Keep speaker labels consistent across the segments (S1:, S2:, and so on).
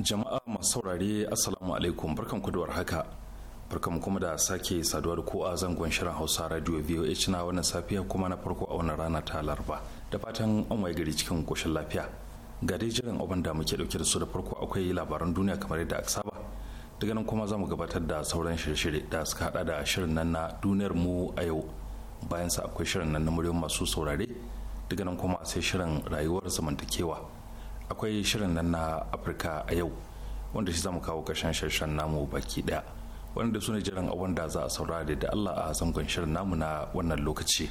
S1: jama'a masu saurare assalamu alaikum barkan kuduwar haka warhaka barkan kuma da sake saduwa da ko a zangon shirin hausa radio voh na wannan safiya kuma na farko a wannan rana ta laraba da fatan an waye gari cikin koshin lafiya ga dai jiran abin da muke dauke da su da farko akwai labaran duniya kamar yadda aka saba daga nan kuma za mu gabatar da sauran shirye-shirye da suka hada da shirin nan na duniyar mu a yau bayan sa akwai shirin nan na muryar masu saurare daga nan kuma sai shirin rayuwar zamantakewa akwai shirin nan na afirka a yau wanda shi zamu kawo kashen shirshen namu baki ɗaya wanda su ne jiran abin da za a saurare da allah a zangon shirin namu na wannan lokaci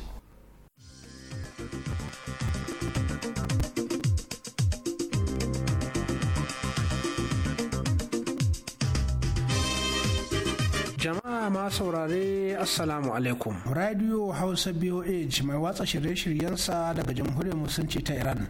S2: jama'a ma saurare assalamu alaikum radio hausa boh mai watsa shirye-shiryensa daga jamhuriyar musulunci ta iran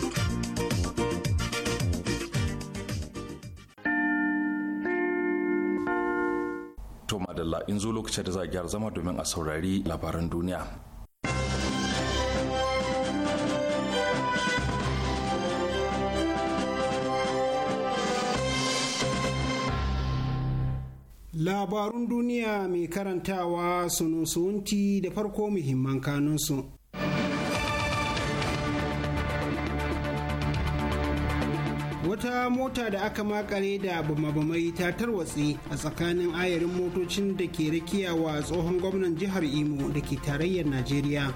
S1: To madalla in zo lokacin da za a gyara zama domin a saurari labaran duniya.
S3: Labarun duniya mai karantawa sunusunti da farko muhimman kanunsu. wata mota da aka makare da bamabamai ta tarwatse a tsakanin ayarin motocin da ke rakiya wa tsohon gwamnan jihar imo da ke tarayyar najeriya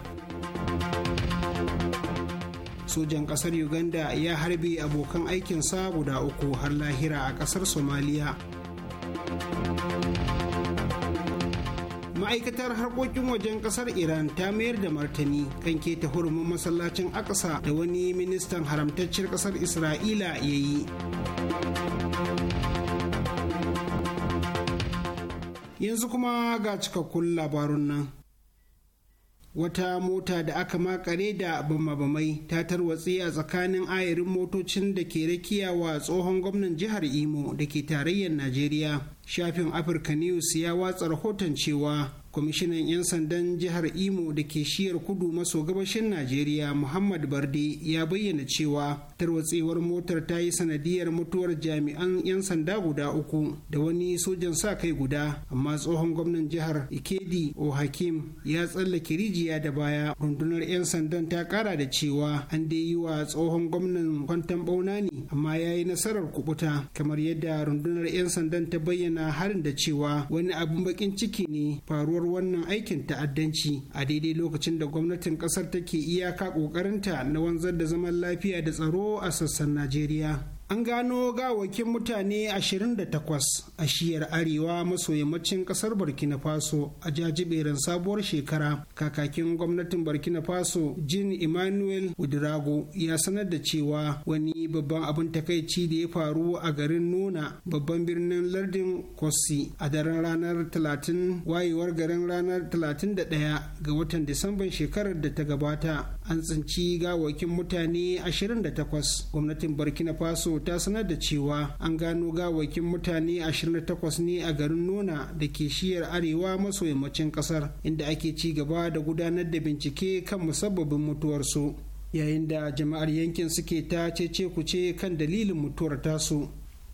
S3: sojan kasar uganda ya harbe abokan aikinsa guda uku har lahira a kasar somaliya ma'aikatar harkokin wajen kasar iran ta mayar da martani kan keta hurumin masallacin akasa da wani ministan haramtacciyar kasar isra'ila ya yi yanzu kuma ga cikakkun labarun nan wata mota da aka makare da bama-bamai ta tarwatse a tsakanin ayarin motocin da ke rakiya wa tsohon gwamnan jihar imo da ke tarayyar najeriya shafin afirka news ya watsa rahoton cewa kwamishinan 'yan sandan jihar imo da ke shiyar kudu maso gabashin najeriya muhammad barde ya bayyana cewa tarwatsewar motar ta yi sanadiyar mutuwar jami'an 'yan sanda guda uku da wani sojan sa kai guda amma tsohon gwamnan jihar ikedi o hakim ya tsallake rijiya da baya rundunar 'yan sandan ta kara da cewa an dai yi wa tsohon gwamnan kwantan bauna ne amma ya yi nasarar kubuta kamar yadda rundunar 'yan sandan ta bayyana harin da cewa wani abin bakin ciki ne faruwar wannan aikin ta'addanci a daidai lokacin da gwamnatin ƙasar take iyaka ƙoƙarinta na wanzar da zaman lafiya da tsaro a sassan najeriya an gano gawakin mutane 28 a shiyar arewa maso yammacin kasar burkina faso a jajiberin sabuwar shekara kakakin gwamnatin burkina faso jin emmanuel udrago ya sanar da cewa wani babban abin takaici da ya faru a garin nuna babban birnin lardin kosi a daren ranar 30 wayewar garin ranar 31 ga watan disamban shekarar da ta gabata an tsinci gawakin mutane 28 gwamnatin burkina faso kano ta sanar da cewa an gano gawakin mutane 28 ne a garin nona da ke shiyar arewa maso yammacin kasar inda ake ci gaba da gudanar da bincike kan musabbabin mutuwarsu yayin da jama'ar yankin suke ta cece kuce kan dalilin mutuwar tasu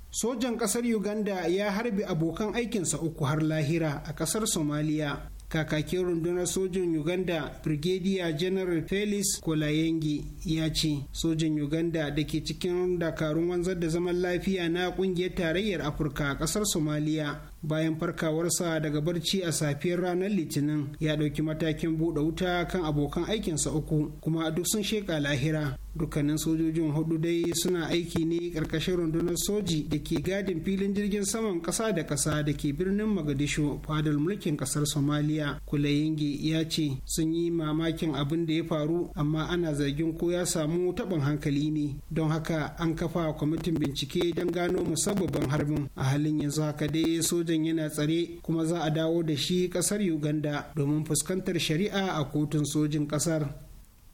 S3: sojan kasar uganda ya harbi abokan aikinsa uku har lahira a kasar somaliya kakakin rundunar sojin uganda brigadier general felix kolayengi ya ce sojin uganda da ke cikin dakarun wanzar da zaman lafiya na kungiyar tarayyar afirka a kasar somaliya bayan farkawarsa daga barci a safiyar ranar litinin ya ɗauki matakin buɗe wuta kan abokan aikinsa uku kuma duk sun sheƙa lahira dukkanin sojojin hudu dai suna aiki ne karkashin rundunar soji da ke gadin filin jirgin saman kasa da kasa da ke birnin magadishu fadar mulkin kasar somaliya kulayinge ya ce sun yi mamakin abin da ya faru amma ana zargin ko ya samu taɓin hankali ne don haka an kafa kwamitin bincike don gano musabbabin harbin a halin yanzu haka dai sojan yana tsare kuma za a dawo da shi kasar uganda domin fuskantar shari'a a kotun sojin kasar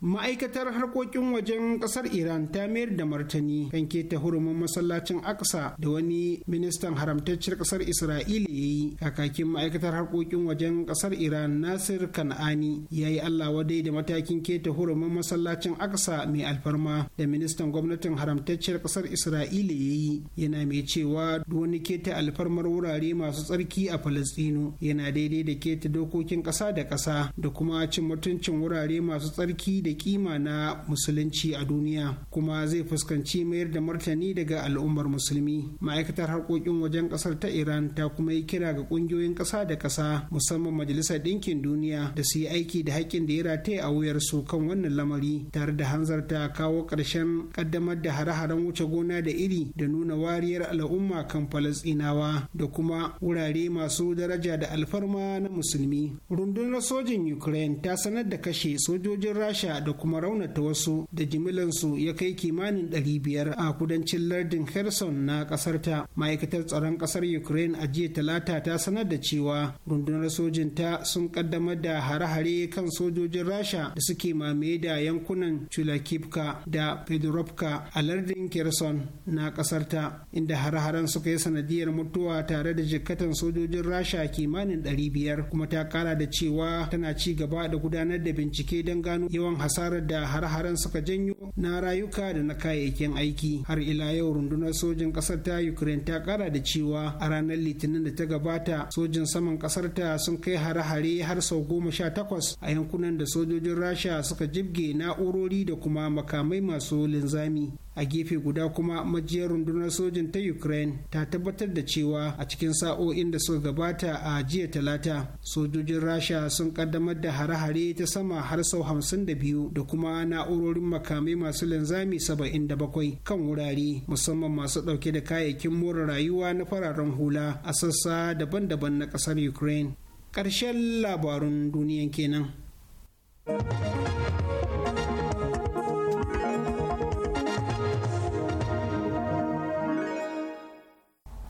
S3: ma'aikatar harkokin wajen kasar iran ta mayar da martani kan keta hurumin masallacin aksa da wani ministan haramtacciyar kasar isra'ila ya yi kakakin ma'aikatar harkokin wajen kasar iran nasir kan'ani ya yi allah wadai da matakin keta hurumin masallacin aksa mai alfarma da ministan gwamnatin haramtacciyar kasar isra'ila ya yi yana mai cewa wani keta alfarmar wurare masu tsarki a falastinu yana daidai da keta dokokin kasa da kasa da kuma cin mutuncin wurare masu tsarki da kima na musulunci a duniya kuma zai fuskanci mayar da martani daga al'ummar musulmi ma'aikatar harkokin wajen kasar ta iran ta kuma yi kira ga kungiyoyin kasa da kasa musamman majalisar ɗinkin duniya da su yi aiki da haƙƙin da ya rataye a wuyar su kan wannan lamari tare da hanzarta kawo ƙarshen ƙaddamar da hare-haren wuce gona da iri da nuna wariyar al'umma kan falasɗinawa da kuma wurare masu daraja da alfarma na musulmi rundunar sojin ukraine ta sanar da kashe sojojin rasha da kuma raunata wasu da jimilansu ya kai kimanin ɗari biyar a kudancin lardin Kherson na kasar ta. Ma'aikatar tsaron kasar Ukraine a jiya talata ta sanar da cewa rundunar sojin ta sun ƙaddamar da hare-hare kan sojojin Rasha da suke mamaye da yankunan Chulakivka da Fedorovka a lardin Kherson na kasar ta inda hare-haren suka yi sanadiyar mutuwa tare da jikkatan sojojin Rasha kimanin ɗari biyar kuma ta kara da cewa tana ci gaba da gudanar da bincike don gano yawan hasarar da har-haren suka janyo na rayuka da na kayayyakin aiki har ila yau rundunar sojin kasar ta ukraine ta kara da cewa a ranar litinin da ta gabata sojin saman kasar ta sun kai hare-hare har sau goma sha takwas a yankunan da sojojin rasha suka jibge na'urori da kuma makamai masu linzami a gefe guda kuma majiyar rundunar sojin ta ukraine ta tabbatar da cewa a cikin sa'o'in da suka gabata a jiya talata sojojin rasha sun kaddamar da hare-hare ta sama har sau hamsin da biyu da kuma na'urorin makamai masu linzami saba'in da bakwai kan wurare musamman masu dauke da kayayyakin more rayuwa na fararen hula a sassa daban-daban na kasar ukraine ƙarshen labarun duniyan kenan.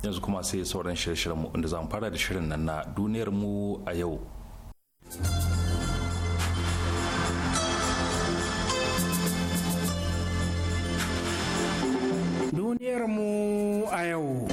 S1: yanzu kuma sai sauran shirye-shiryen mu inda zamu fara da shirin nan na duniyar mu a yau
S2: duniyar mu a yau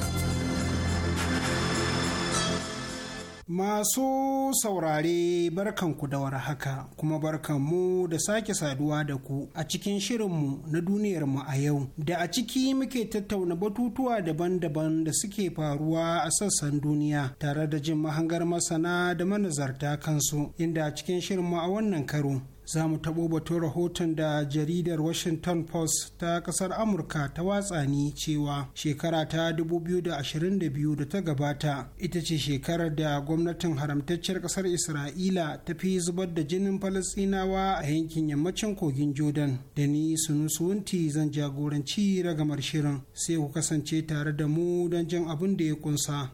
S3: Masu saurare barkanku da war haka kuma barkanmu da sake saduwa da ku a cikin shirinmu na duniyarmu a yau da a ciki muke tattauna batutuwa daban-daban da suke faruwa a sassan duniya tare da jin mahangar masana da manazarta kansu inda a cikin shirinmu a wannan karo za mu taɓo batun rahoton da jaridar washington post ta kasar amurka ta watsa ni cewa shekara ta 2022 da ta gabata ita ce shekarar da gwamnatin haramtacciyar kasar isra'ila ta fi zubar da jinin falasinawa a yankin yammacin kogin jordan da ni sunusuwunti zan jagoranci ragamar shirin sai ku kasance tare da mu don jin abin da ya kunsa.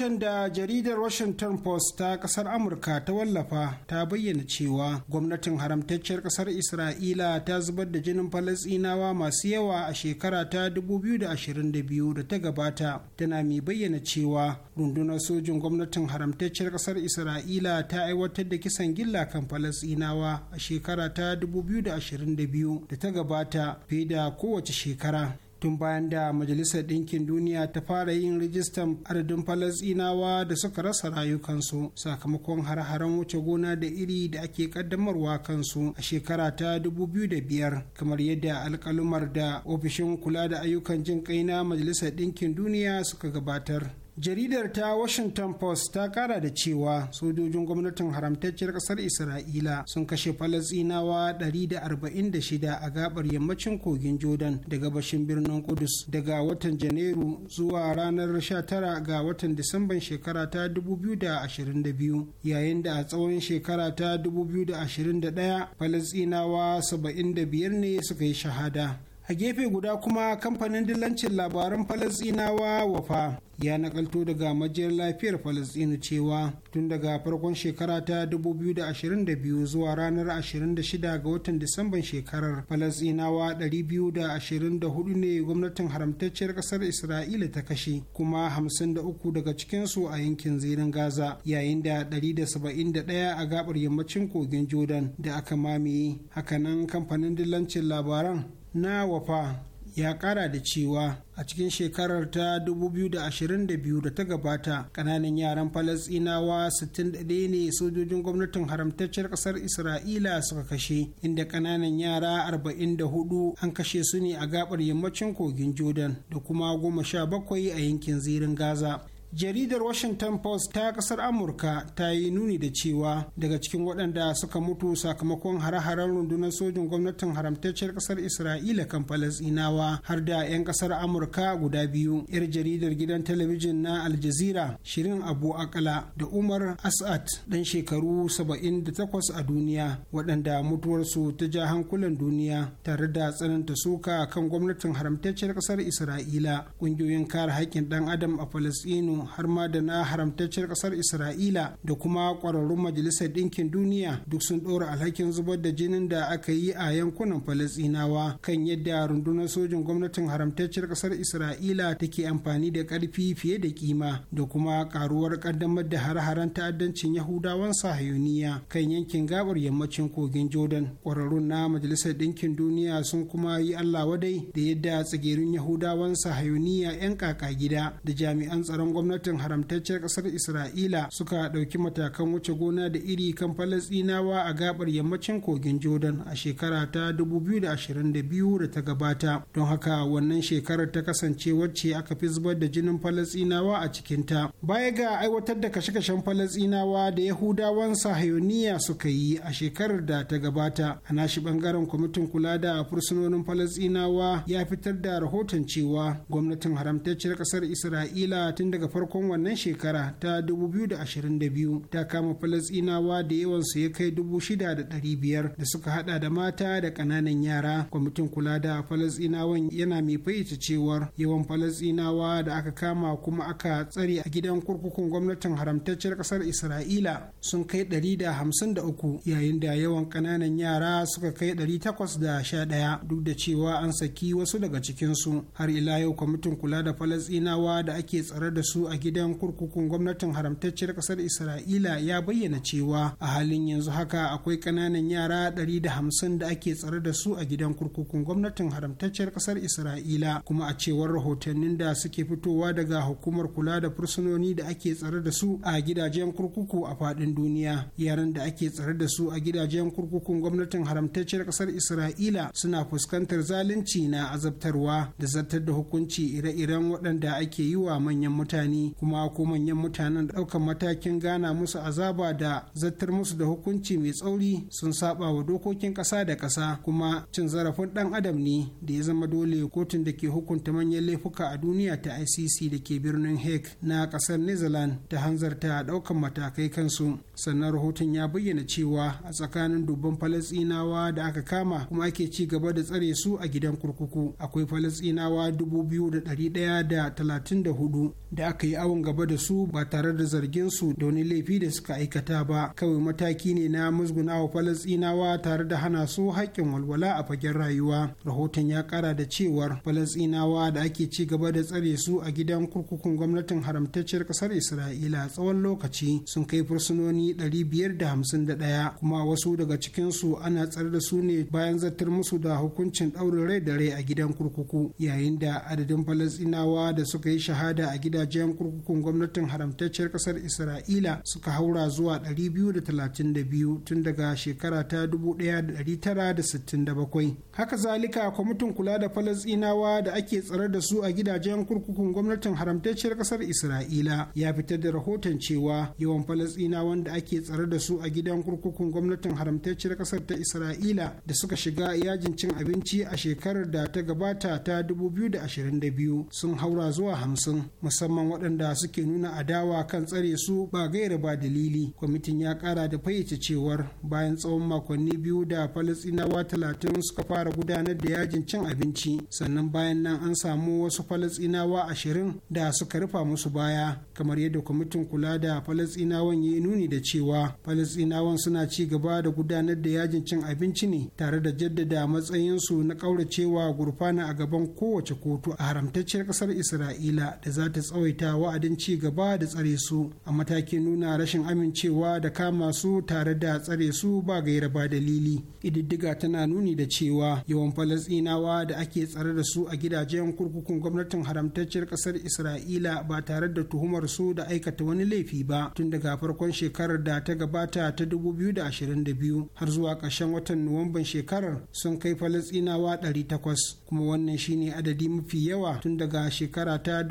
S3: rahoton da jaridar washington post ta kasar amurka ta wallafa ta bayyana cewa gwamnatin haramtacciyar kasar isra'ila ta zubar da jinin falasinawa masu yawa a shekara ta 2022 da ta gabata tana mai bayyana cewa rundunar sojin gwamnatin haramtacciyar kasar isra'ila ta aiwatar da kisan gilla kan falasinawa a shekara ta 2022 da ta gabata fiye da kowace shekara tun bayan da majalisar ɗinkin duniya ta fara yin rijistan adadin falasinawa da suka rasa rayukansu sakamakon har-haren wuce gona da iri da ake ƙaddamarwa kansu a shekara ta 2005 kamar yadda alkalumar da ofishin kula da ayyukan jin kai na majalisar ɗinkin duniya suka gabatar jaridar ta washington post ta kara da cewa sojojin gwamnatin haramtacciyar kasar isra'ila sun kashe falasinawa 146 a gabar yammacin kogin jordan da gabashin birnin kudus daga watan janairu zuwa ranar 19 ga watan disamban shekara ta 2022 yayin da a tsawon shekara ta 2021 falasinawa 75 ne suka yi shahada a gefe guda kuma kamfanin dillancin labaran falasinawa wafa ya nakalto daga majiyar lafiyar falasinu cewa tun daga farkon shekara ta 2022 zuwa ranar 26 ga watan disamban shekarar falasinawa 224 ne gwamnatin haramtacciyar kasar isra'ila ta kashe kuma 53 daga cikinsu a yankin zirin gaza yayin da 171 a gabar yammacin kogin jordan da aka mamaye hakanan kamfanin dillancin labaran na wafa ya kara da cewa a cikin shekarar ta 2022 da ta gabata kananan yaran falasinawa 61 ne sojojin gwamnatin haramtacciyar kasar isra'ila suka kashe inda kananan yara 44 an kashe su ne a gabar yammacin kogin jordan da kuma 17 a yankin zirin gaza jaridar washington post ta kasar amurka ta yi nuni da cewa daga cikin waɗanda suka mutu sakamakon hare-haren rundunar sojin gwamnatin haramtacciyar kasar isra'ila kan falasinawa har da 'yan kasar amurka guda biyu yar jaridar gidan talabijin na aljazira shirin abu akala da umar asad ɗan shekaru 78 a duniya waɗanda mutuwarsu ta ja hankulan duniya tare da tsananta suka kan gwamnatin haramtacciyar kasar isra'ila ƙungiyoyin kare haƙƙin ɗan adam a falasinu har ma da na haramtacciyar kasar isra'ila da kuma kwararrun majalisar ɗinkin duniya duk sun ɗora alhakin zubar da jinin da aka yi a yankunan falasinawa kan yadda rundunar sojin gwamnatin haramtacciyar kasar isra'ila take amfani da ƙarfi fiye da kima da kuma ƙaruwar ƙaddamar da har-haren ta'addancin yahudawan sahayuniya kan yankin gabar yammacin kogin jordan kwararrun na majalisar ɗinkin duniya sun kuma yi allah wadai da yadda tsigerin yahudawan sahayuniya 'yan kaka gida da jami'an tsaron gwamnati gwamnatin haramtaccen ƙasar isra'ila suka ɗauki matakan wuce gona da iri kan falasɗinawa a gabar yammacin kogin jordan a shekara ta 2022 da ta gabata don haka wannan shekarar ta kasance wacce aka fi zubar da jinin falasɗinawa a cikinta baya ga aiwatar da kashe-kashen falasɗinawa da yahudawan sahayoniya suka yi a shekarar da ta gabata a nashi bangaren kwamitin kula da fursunonin falasɗinawa ya fitar da rahoton cewa gwamnatin haramtacciyar ƙasar isra'ila tun daga farkon wannan shekara ta 2022 ta kama falasinawa da yawansu ya kai 6,500 da suka hada da mata da ƙananan yara kwamitin kula da falasinawan yana mai fahimta cewar yawan falasinawa da aka kama kuma aka tsare a gidan kurkukun gwamnatin haramtacciyar ƙasar isra'ila sun kai 153 yayin da yawan ƙananan yara suka kai 811 duk da cewa an saki wasu daga cikinsu har ila yau kwamitin kula da falasinawa da ake tsare da su a gidan kurkukun gwamnatin haramtacciyar kasar isra'ila ya bayyana cewa a halin yanzu haka akwai kananan yara 150 da hamsin da ake tsare da su a gidan kurkukun gwamnatin haramtacciyar kasar isra'ila kuma a cewar rahotannin da suke fitowa daga hukumar kula da fursunoni da ake tsare da su a gidajen kurkuku a faɗin duniya yaran da ake tsare da su a gidajen kurkukun gwamnatin haramtacciyar kasar isra'ila suna fuskantar zalunci na azabtarwa da zartar da hukunci ire-iren waɗanda ake yi wa manyan mutane kuma ko manyan mutanen da ɗaukar matakin gana musu azaba da zartar musu da hukunci mai tsauri sun saba wa dokokin ƙasa da ƙasa kuma cin zarafin ɗan adam ne da ya zama dole kotun da ke hukunta manyan laifuka a duniya ta ICC da ke birnin Hague na ƙasar Netherlands ta hanzarta ɗaukar matakai kansu sannan rahoton ya bayyana cewa a tsakanin dubban Falasɗinawa da aka kama kuma ake ci gaba da tsare su a gidan kurkuku akwai Falasɗinawa dubu biyu da ɗari ɗaya da talatin da hudu da aka aka yi awon gaba da su ba tare da zargin su da wani laifi da suka aikata ba kawai mataki ne na musgunawa falasɗinawa tare da hana su haƙƙin walwala a fagen rayuwa rahoton ya kara da cewar falasɗinawa da ake ci gaba da tsare su a gidan kurkukun gwamnatin haramtacciyar ƙasar isra'ila tsawon lokaci sun kai fursunoni biyar da da hamsin 551 kuma wasu daga cikinsu ana tsare da su ne bayan zartar musu da hukuncin ɗaurin rai da rai a gidan kurkuku yayin da adadin falasinawa da suka yi shahada a gidajen 'yan kurkukun gwamnatin haramtacciyar kasar isra'ila suka haura zuwa 232 tun daga shekara ta 1967 haka zalika kwamitin kula da falasinawa da ake tsare da su a gidajen kurkukun gwamnatin haramtacciyar kasar isra'ila ya fitar da rahoton cewa yawan falasinawan da ake tsare da su a gidan kurkukun gwamnatin haramtacciyar kasar ta isra'ila da suka shiga yajin cin abinci a shekarar da ta gabata ta 2022 sun haura zuwa hamsin musamman waɗanda suke nuna adawa kan tsare su ba gaira ba dalili kwamitin ya ƙara da fayyace cewar bayan tsawon makonni biyu da falasɗinawa talatin suka fara gudanar da yajin cin abinci sannan bayan nan an samu wasu falastinawa ashirin da suka rufa musu baya kamar yadda kwamitin kula da falastinawan ya nuni da cewa falasɗinawan suna ci gaba da gudanar da yajin cin abinci ne tare da jaddada matsayin su na ƙauracewa gurfana a gaban kowace kotu a haramtacciyar ƙasar isra'ila da za ta tsawaita da wa'adin ci gaba da tsare su a matakin nuna rashin amincewa da kama su tare da tsare su ba gaira ba dalili ididdiga tana nuni da cewa yawan Falasinawa da ake tsare da su a gidajen kurkukun gwamnatin haramtacciyar kasar isra'ila ba tare da tuhumar su da aikata wani laifi ba tun daga farkon shekarar da ta gabata ta 2022 har zuwa ƙarshen watan nuwamban shekarar sun kai falasɗinawa takwas, kuma wannan shine adadi mafi yawa tun daga shekara ta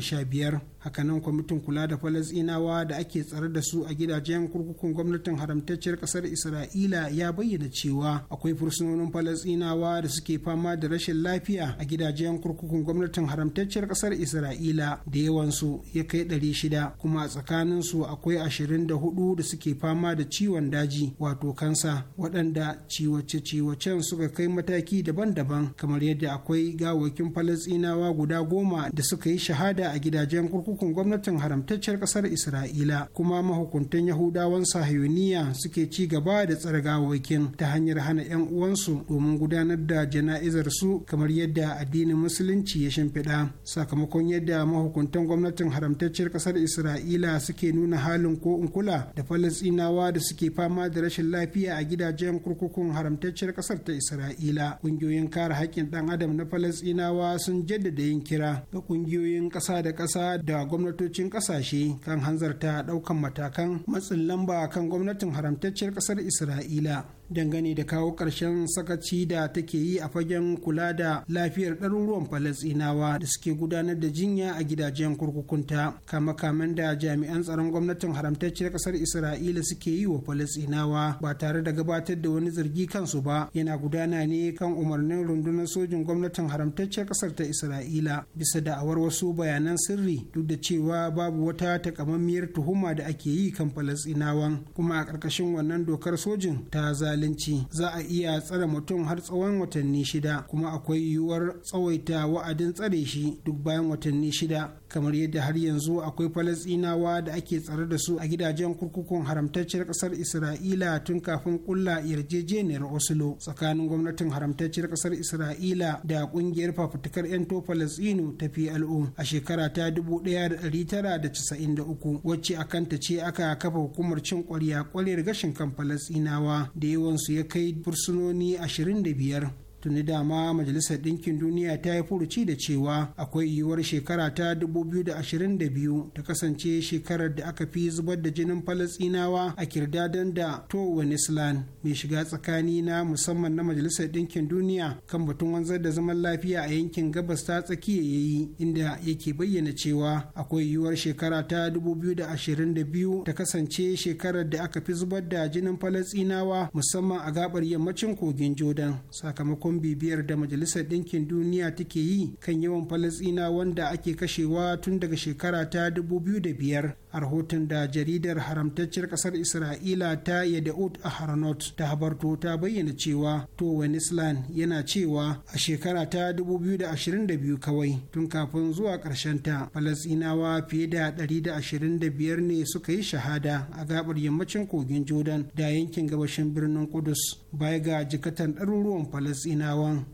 S3: sha biyar. Yeah. hakanan kwamitin kula da falasinawa da ake tsare da su a gidajen kurkukun gwamnatin haramtacciyar kasar isra'ila ya bayyana cewa akwai fursunonin falasinawa da suke fama da rashin lafiya a gidajen kurkukun gwamnatin haramtacciyar kasar isra'ila da yawansu ya kai ɗari shida kuma a su akwai ashirin da hudu da suke fama da ciwon daji wato kansa waɗanda ciwace-ciwacen suka kai mataki daban-daban kamar yadda akwai gawakin falasinawa guda goma da suka yi shahada a gidajen kurkukun kurkukun gwamnatin haramtacciyar kasar isra'ila kuma mahukuntan yahudawan sahiyoniya suke ci gaba da tsare gawakin ta hanyar hana 'yan uwansu domin gudanar da jana'izar su kamar yadda addinin musulunci ya shimfiɗa sakamakon yadda mahukuntan gwamnatin haramtacciyar ƙasar isra'ila suke nuna halin ko in kula da falastinawa da suke fama da rashin lafiya a gidajen kurkukun haramtacciyar ƙasar ta isra'ila ƙungiyoyin kare haƙƙin ɗan adam na falastinawa sun jaddada yin kira ga ƙungiyoyin ƙasa da ƙasa da a gwamnatocin kasashe kan hanzarta daukan matakan matsin lamba kan gwamnatin haramtacciyar kasar isra'ila dangane da kawo ƙarshen sakaci da take yi a fagen kula da lafiyar ɗaruruwan falasinawa da suke gudanar da jinya a gidajen kurkukunta kama kamen da jami'an tsaron gwamnatin haramtacciyar ƙasar isra'ila suke yi wa falasinawa ba tare da gabatar da wani zargi kansu ba yana gudana ne kan umarnin rundunar sojin gwamnatin haramtacciyar ƙasar ta isra'ila bisa da awar wasu bayanan sirri duk da cewa babu wata takamammiyar tuhuma da ake yi kan falasinawan kuma a ƙarƙashin wannan dokar sojin ta zali zalunci za a iya tsare mutum har tsawon watanni shida kuma akwai yiwuwar tsawaita wa'adin tsare shi duk bayan watanni shida kamar yadda har yanzu akwai falasinawa da ake tsare da su a gidajen kurkukun haramtacciyar kasar isra'ila tun kafin kulla yarjejeniyar oslo tsakanin gwamnatin haramtacciyar kasar isra'ila da ƙungiyar fafutukar 'yan to falasinu ta plo a shekara ta 1993 wacce a kanta ce aka kafa hukumar cin kwarya kwarya gashin kan falasinawa da yawansu ya kai fursunoni 25 tuni dama majalisar ɗinkin duniya ta yi furuci da cewa akwai yiwuwar shekara ta 2022 ta kasance shekarar da aka fi zubar da jinin falasinawa a kirdadan da to wenisland mai shiga tsakani na musamman na majalisar ɗinkin duniya kan batun wanzar da zaman lafiya a yankin gabas ta tsakiya ya yi inda yake bayyana cewa akwai yiwuwar shekara ta 2022 ta kasance shekarar da aka fi zubar da jinin falasinawa musamman a gabar yammacin kogin jordan sakamakon sakamakon bibiyar da majalisar ɗinkin duniya take yi kan yawan falasina wanda ake kashewa tun daga shekara ta 2005 a rahoton da jaridar haramtacciyar kasar isra'ila ta yadda'ud a haranot ta habarto ta bayyana cewa to wenisland yana cewa a shekara ta 2022 kawai tun kafin zuwa ƙarshen ta falasinawa fiye da 125 ne suka yi shahada a gabar yammacin kogin jordan da yankin gabashin birnin kudus baya ga jikatan ɗaruruwan falasinawan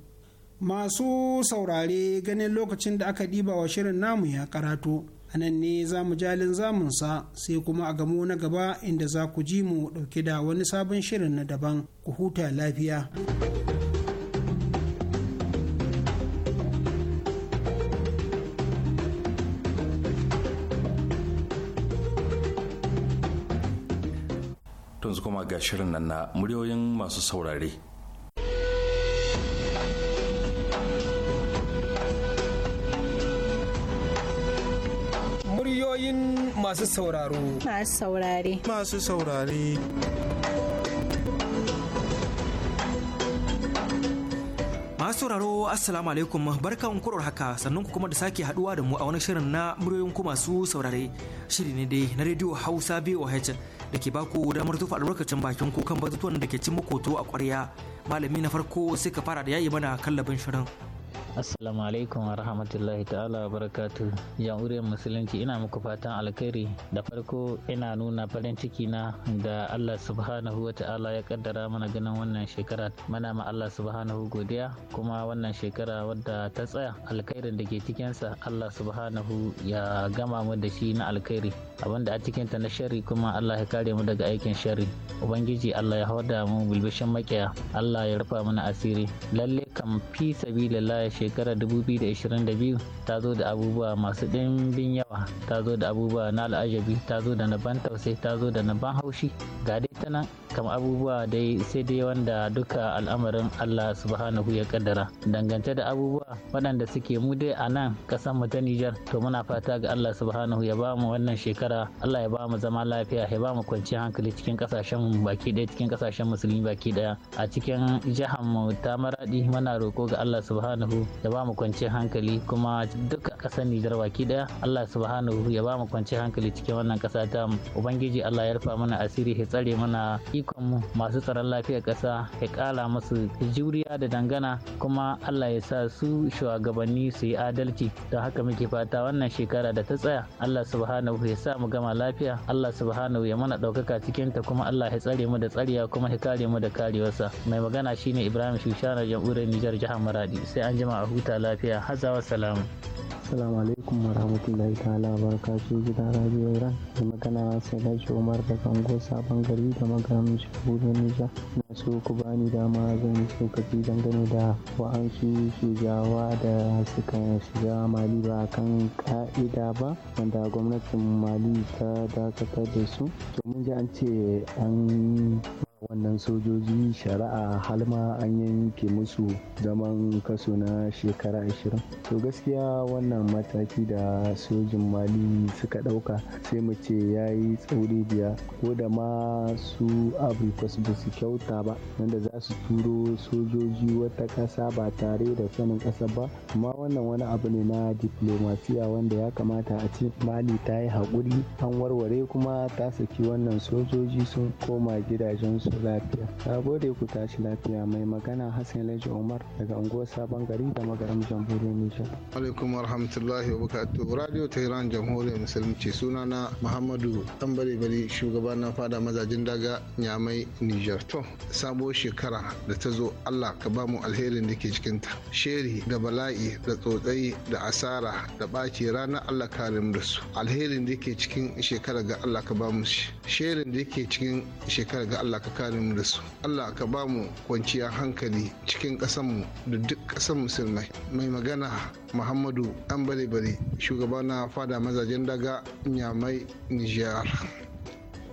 S3: masu saurare ganin lokacin da aka ɗiba wa shirin namu ya karatu a nan ne za mu jalin zamunsa sai kuma a gamo na gaba inda za ku ji mu ɗauke da wani sabon shirin na daban ku huta lafiya.
S1: Tunzu kuma ga shirin nan na muryoyin masu saurare.
S3: masu sauraro.
S4: Masu saurare. Masu
S3: saurare.
S1: masu sauraro assalamu alaikum barkan kurar haka sannan ku kuma da sake haduwa da mu a wani shirin na muryoyin ku masu saurare shiri ne dai na rediyo hausa boh da ke baku damar tufa albarkacin bakin ku kan batutuwan da ke cin makoto a kwarya malami na farko sai ka fara da yayi mana kallabin shirin
S5: assalamu alaikum wa rahmatullahi ta'ala wa barakatu jamhuriyar musulunci ina muku fatan alkhairi da farko ina nuna farin ciki na da allah subhanahu wa ta'ala ya kaddara mana ganin wannan shekara mana ma allah subhanahu godiya kuma wannan shekara wadda ta tsaya alkhairin da ke cikinsa allah subhanahu ya gama mu da shi na alkhairi abinda a cikinta na shari kuma allah ya kare mu daga aikin sharri ubangiji allah ya hauda mu bilbishin makiya allah ya rufa mana asiri lalle kam fi sabilillah shekarar 2022 ta zo da abubuwa masu ɗimbin yawa ta zo da abubuwa na al'ajabi ta zo da na ban tausayi ta zo da na ban haushi ga dai ta nan kam abubuwa dai sai dai wanda duka al'amarin Allah subhanahu ya kaddara dangance da abubuwa waɗanda suke mu dai a nan ƙasar mu ta Nijar to muna fata ga Allah subhanahu ya ba mu wannan shekara Allah ya ba mu zama lafiya ya ba mu kwanciyar hankali cikin ƙasashen mu baki ɗaya cikin ƙasashen musulmi baki ɗaya a cikin jihar mu ta Maradi muna roko ga Allah subhanahu ya ba mu kwanciyar hankali kuma duk ƙasar Nijar baki ɗaya. Allah subhanahu ya ba mu kwanciyar hankali cikin wannan ƙasa ta mu ubangiji Allah ya rufa mana asiri ya tsare mana ikon mu masu tsaron lafiyar ƙasa ya ƙala musu juriya da dangana kuma Allah ya sa su shugabanni su yi adalci don haka muke fata wannan shekara da ta tsaya Allah subhanahu ya sa mu gama lafiya Allah subhanahu ya mana ɗaukaka cikin ta kuma Allah ya tsare mu da tsariya kuma ya kare mu da karewarsa mai magana shine Ibrahim Shushana jam'uriyar Nijar jihar Maradi sai an jima a huta lafiya hazawa salamu
S4: salamu alaikum wa rahmatullahi ta'ala wa barakatu gida Radio Iran da magana Sadaji Umar da Kango Sabon Gari da maganin Shahudu Nija na so ku bani dama zan yi tsokaci dangane da wa'ansu shugawa da suka shiga Mali ba kan ka'ida ba wanda gwamnatin Mali ta dakatar da su. To ji an ce an wannan sojoji shari'a halma an yanke musu zaman kaso na shekara ashirin to gaskiya wannan mataki da sojin mali suka ɗauka sai mu ce ya yi tsauri biya ko da ma su africos ba su kyauta ba wanda za su turo sojoji wata ƙasa ba tare da sanin ƙasa ba amma wannan wani abu ne na diplomasiya wanda ya kamata a ce mali ta yi haƙuri an warware kuma ta saki wannan sojoji sun koma gidajensu tashi lafiya Ta gode ku tashi lafiya mai magana hassan laji umar daga unguwar sabon gari da magaram jamhuriyar nijar
S6: alaikum warahmatullahi wabarakatuh radio tehran jamhuriyar musulunci suna na muhammadu dan bari bari shugaba na fada mazajin daga nyamai nijar to sabo shekara da ta zo allah ka bamu alherin da ke cikinta sheri da bala'i da tsotsai da asara da ɓaci ranar allah kare da su alherin da ke cikin shekara ga allah ka ba mu shi sherin da ke cikin shekara ga allah ka tsakanin mu da su allah ka ba mu kwanciyar hankali cikin ƙasanmu da duk ƙasan musulmai mai magana muhammadu ɗan bare bare shugaba na fada mazajen daga nyamai nijar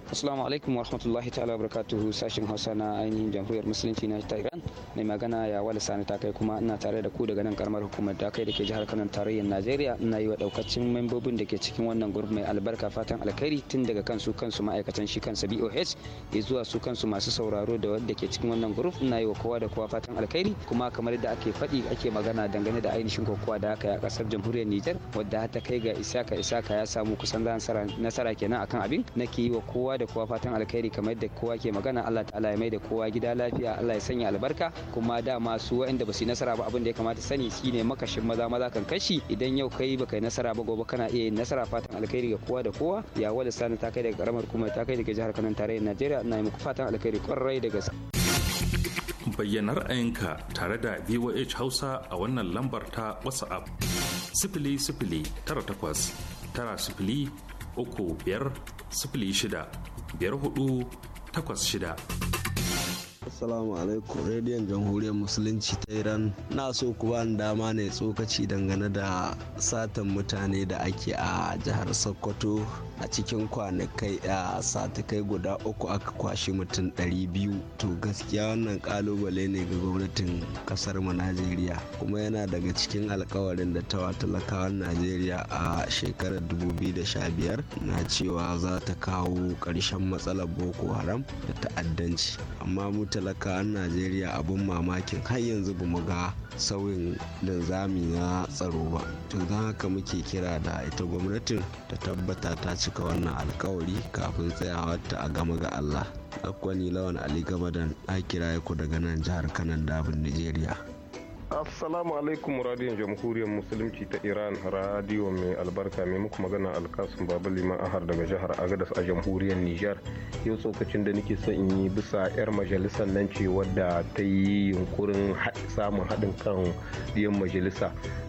S7: Assalamu alaikum wa rahmatullahi ta'ala wa barakatuhu sashen Hausa na ainihin jamhuriyar musulunci na ta Iran mai magana ya wala sani ta kai kuma ina tare da ku daga nan karamar hukumar da kai da ke jihar Kano tarayyar Najeriya ina yi wa daukacin membobin da ke cikin wannan gurbi mai albarka fatan alkhairi tun daga kansu kansu ma'aikatan shi kansa BOH ya zuwa su kansu masu sauraro da wanda ke cikin wannan gurbi ina yi wa kowa da kowa fatan alkhairi kuma kamar yadda ake faɗi ake magana dangane da ainihin kokowa da aka yi a kasar jamhuriyar Nijar wadda ta kai ga isaka isaka ya samu kusan nasara kenan akan abin nake yi wa kowa da kowa fatan alkhairi kamar yadda kowa ke magana Allah ta'ala ya mai da kowa gida lafiya Allah ya sanya albarka kuma dama su waɗanda ba su nasara ba abin da ya kamata sani shine makashin maza maza kan kashi idan yau kai baka yi nasara ba gobe kana iya yin nasara fatan alkhairi ga kowa da kowa ya wala sani ta kai daga karamar kuma ta kai daga jihar Kano tarayyar Najeriya ina yi muku fatan alkhairi kwarai da gaske
S1: bayyana tare da voh hausa a wannan lambar ta whatsapp 00989 3 0 3 biyar. Sifili shida, takwas shida.
S4: Assalamu alaikum rediyon jamhuriyar musulunci ta Iran na so ku ba dama ne tsokaci dangane da satan mutane
S6: da ake a jihar Sokoto a cikin kwanakai a satakai guda
S4: uku aka kwashe mutum 200 to gaskiya wannan kalubale ne ga gwamnatin kasar mu Najeriya kuma yana daga cikin alkawarin da ta talakawan Najeriya a shekarar 2015 na cewa za ta kawo ƙarshen matsalar Boko
S2: Haram da ta'addanci amma mutane talakawan najeriya abun mamakin har yanzu ba mu ga sauyin linzami na tsaro ba to don haka muke kira da ita gwamnatin ta tabbata ta cika wannan alkawari kafin tsayawarta a gama ga allah akwani lawan ali gabadan a kira ku daga nan jihar kanan dabin nigeria
S8: Assalamu alaikum radiyon jamhuriyar musulunci ta Iran radiyo mai albarka mai muku magana alkasun babu liman ahar daga jihar Agadas a jamhuriyar Nijar yau tsokacin da nake son in yi bisa yar majalisar nan ce wadda ta yi yunkurin samun haɗin kan ɗiyan majalisa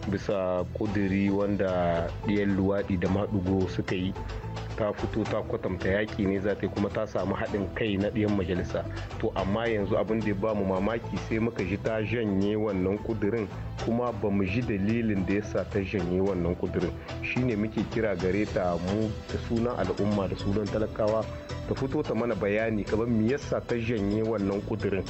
S8: bisa kuduri wanda ɗiyar luwaɗi da maɗugo suka yi ta fito ta kwatanta yaki ne za ta yi kuma ta samu haɗin kai na ɗiyan majalisa to amma yanzu abin da ya ba mu mamaki sai muka ji ta janye wannan kudirin kuma ba mu ji dalilin da yasa ta janye wannan kudirin shine muke kira gare ta mu da sunan al'umma da sunan talakawa ta fito ta mana bayani kamar me yasa ta janye wannan kudirin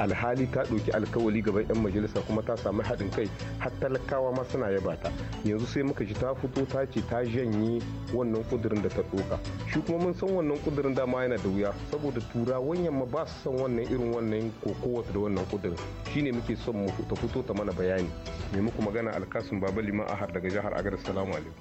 S8: alhali ta ɗauki alkawali gaba 'yan majalisa kuma ta samu haɗin kai har talakawa ma suna yaba yanzu sai muka ji ta fito ta ce ta janye wannan kudirin da ta tsoka shi kuma mun san wannan kudirin dama yana da wuya saboda turawan yamma ba su san wannan irin wannan kowace da wannan kudirin shine muke son mu ta fito ta mana bayani mai muku magana alkasun babali ma'ahar daga jihar agar salamu alaikum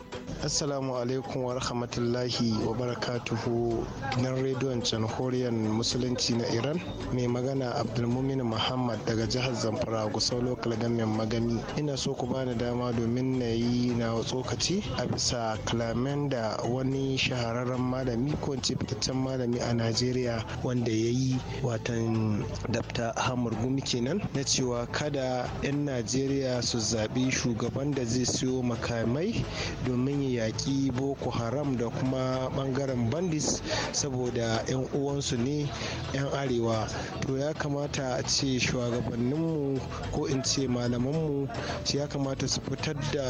S6: assalamu alaikum wa rahmatullahi wa barakatuhu nan rediyon janhuriyar musulunci na iran mai magana abdulmumin muhammad daga jihar zamfara gusau lokal gamin magani ina so ku bani dama domin na yi na tsokaci a bisa kalamen da wani shahar shahararren malami ko ce fitaccen malami a najeriya wanda ya yi watan dafta hamur gumi kenan na cewa kada 'yan najeriya su zaɓi shugaban da zai siyo makamai domin ya yaƙi boko haram da kuma ɓangaren bandis saboda 'yan uwansu ne 'yan arewa to ya kamata a ce shugabanninmu ko in ce malamanmu ya kamata su fitar da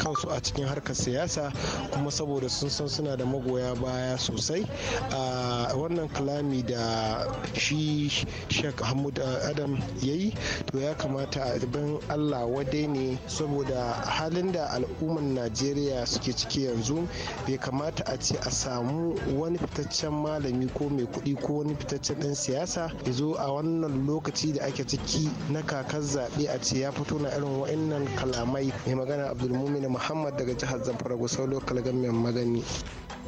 S6: kansu a cikin harkar siyasa kuma saboda sun san suna da magoya baya sosai a wannan kalami da shi sheikh hamud adam ya yi to ya kamata a ban allah wadai ne saboda halin da al'umman najeriya suke ciki yanzu bai kamata a ce a samu wani fitaccen malami ko mai kuɗi ko wani fitaccen ɗan siyasa ya zo a wannan lokaci da ake ciki na kakar zaɓe a ce ya fito na irin wa'annan kalamai mai magana abdulmumin muhammad daga jihar zamfara gusau lokal gamin magani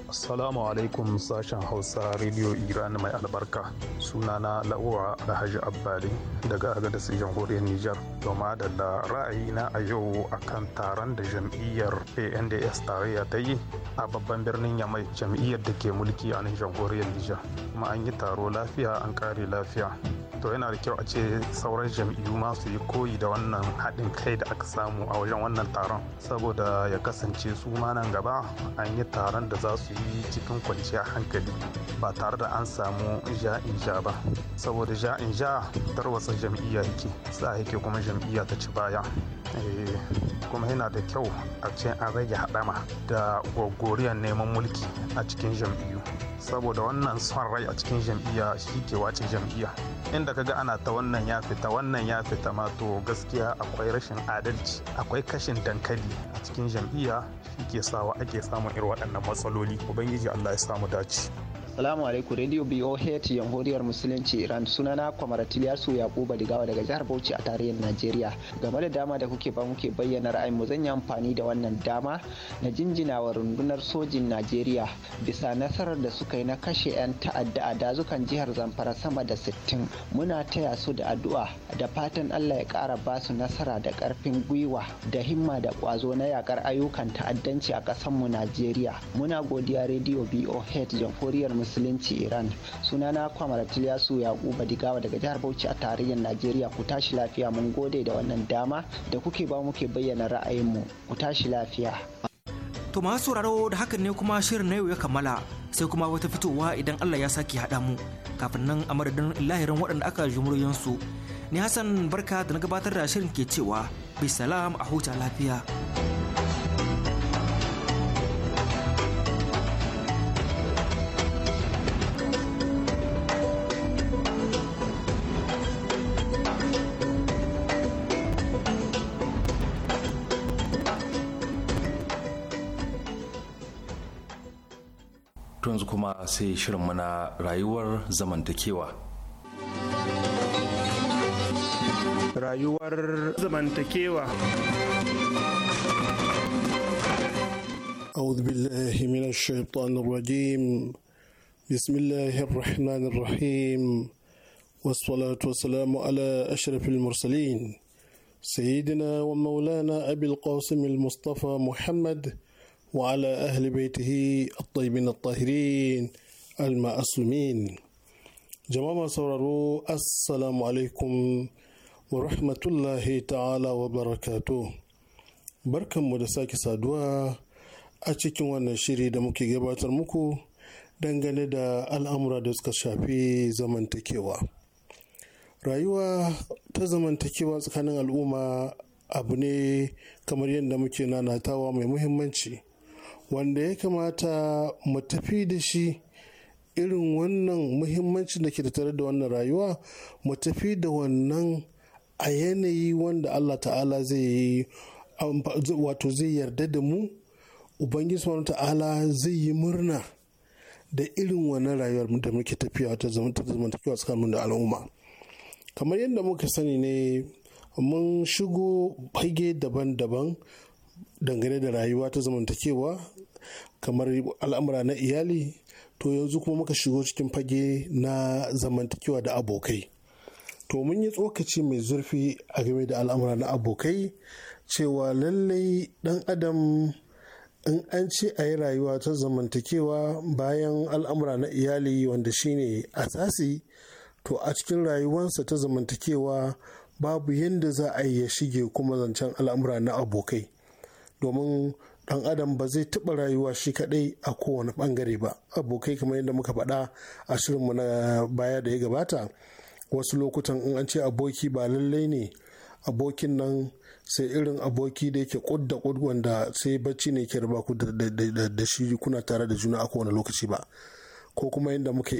S7: Assalamu alaikum sashen Hausa Radio Iran mai albarka. suna na La'uwa Haji Abbali daga Agadas Jamhuriyar Nijar. Doma da ra'ayina a yau akan taron da jam'iyyar PNDS tarayya ta yi a babban birnin Yamai jam'iyyar da ke mulki a nan jamhuriyar Nijar. Kuma an yi taro lafiya an kare lafiya. to yana da kyau a ce sauran jam'iyyu ma su yi koyi da wannan haɗin kai da aka samu a wajen wannan taron saboda ya kasance su ma nan gaba an yi taron da za su yi cikin kwanciyar hankali ba tare da an samu ja'in ja ba saboda ja'in ja tarwatsa jam'iyya yake sa yake kuma jam'iyya ta ci baya eh, kuma yana da kyau a ce an rage hadama da gogoriyar neman mulki a cikin jam'iyyu saboda wannan son rai a cikin jam'iyya shi ke wace jam'iyya inda kaga ana ta wannan ya fita wannan ya fita ma to gaskiya akwai rashin adalci akwai kashin dankali a cikin jam'iyya shi ke sawa ake samun irin waɗannan matsaloli ubangiji allah ya samu dace
S4: Assalamu alaikum Radio BOH
S6: Jamhuriyar Musulunci Iran sunana Tiliyasu Yakuba Digawa daga jihar Bauchi a tarihin Najeriya. Game da dama da kuke ba muke bayyana mu zan yi amfani da wannan dama na jinjina wa rundunar sojin Najeriya bisa nasarar da suka yi na kashe 'yan ta'adda a dazukan jihar Zamfara sama da 60. Muna taya su da addu'a da fatan Allah ya kara ba su nasara da karfin gwiwa da himma da kwazo na yakar ayyukan ta'addanci a ƙasarmu Najeriya. Muna godiya Radio BOH Yamhuriyar Musulunci musulunci iran sunana tiliyasu ya yakuba digawa daga jihar bauchi a tarayyar najeriya ku tashi lafiya mun gode da wannan dama da kuke ba muke bayyana ra'ayinmu ku tashi lafiya to
S1: masu sauraro da hakan ne kuma shirin na yau ya kammala sai kuma wata fitowa idan allah ya sake haɗa mu kafin nan a madadin lahirin waɗanda aka su ni hassan barka da na gabatar da shirin ke cewa bisalam a huta lafiya. kuma sai shirinmu na rayuwar zamantakewa. Rayuwar zamantakewa.
S9: أعوذ بالله من الشيطان الرجيم بسم الله الرحمن الرحيم والصلاة والسلام على أشرف المرسلين سيدنا ومولانا أبي القاسم المصطفى محمد وعلى أهل بيته الطيبين الطاهرين wa جماعة ta'ala السلام عليكم ورحمة الله تعالى وبركاته بركة مدساك سادوا wannan وانا da muke gabatar muku dangane da al'amura da suka shafi zamantakewa rayuwa ta zamantakewa tsakanin al'umma abu ne kamar yadda muke nanatawa mai muhimmanci wanda ya kamata mu tafi da shi irin wannan muhimmancin da ke tattare da wannan rayuwa mu tafi da wannan a yanayi wanda Allah ta'ala zai yi wato zai yarda da mu ubangiji subhanahu ta'ala zai yi murna da irin wannan rayuwar da muke tafiya ta kewa tsakanin da al'umma kamar yadda muka sani ne mun shigo fage daban-daban dangane da rayuwa ta zamantakewa kamar al'amura na iyali to yanzu kuma muka shigo cikin fage na zamantakewa da abokai to mun yi tsokaci mai zurfi a game da al'amura na abokai cewa lallai dan adam in an ce a yi rayuwa ta zamantakewa bayan al'amura na iyali wanda shine asasi to a cikin rayuwarsa ta zamantakewa babu yadda za a yi ya shige kuma zancen al'amura na abokai domin dan adam ba zai taɓa rayuwa shi kaɗai a kowane bangare ba abokai kamar yadda muka faɗa a shirinmu na baya da ya gabata wasu lokutan in an ce aboki ba lallai ne abokin nan sai irin aboki da yake kudda kud wanda sai bacci ne ke raba ku da shi kuna tare da juna a kowane lokaci ba ko kuma yadda muke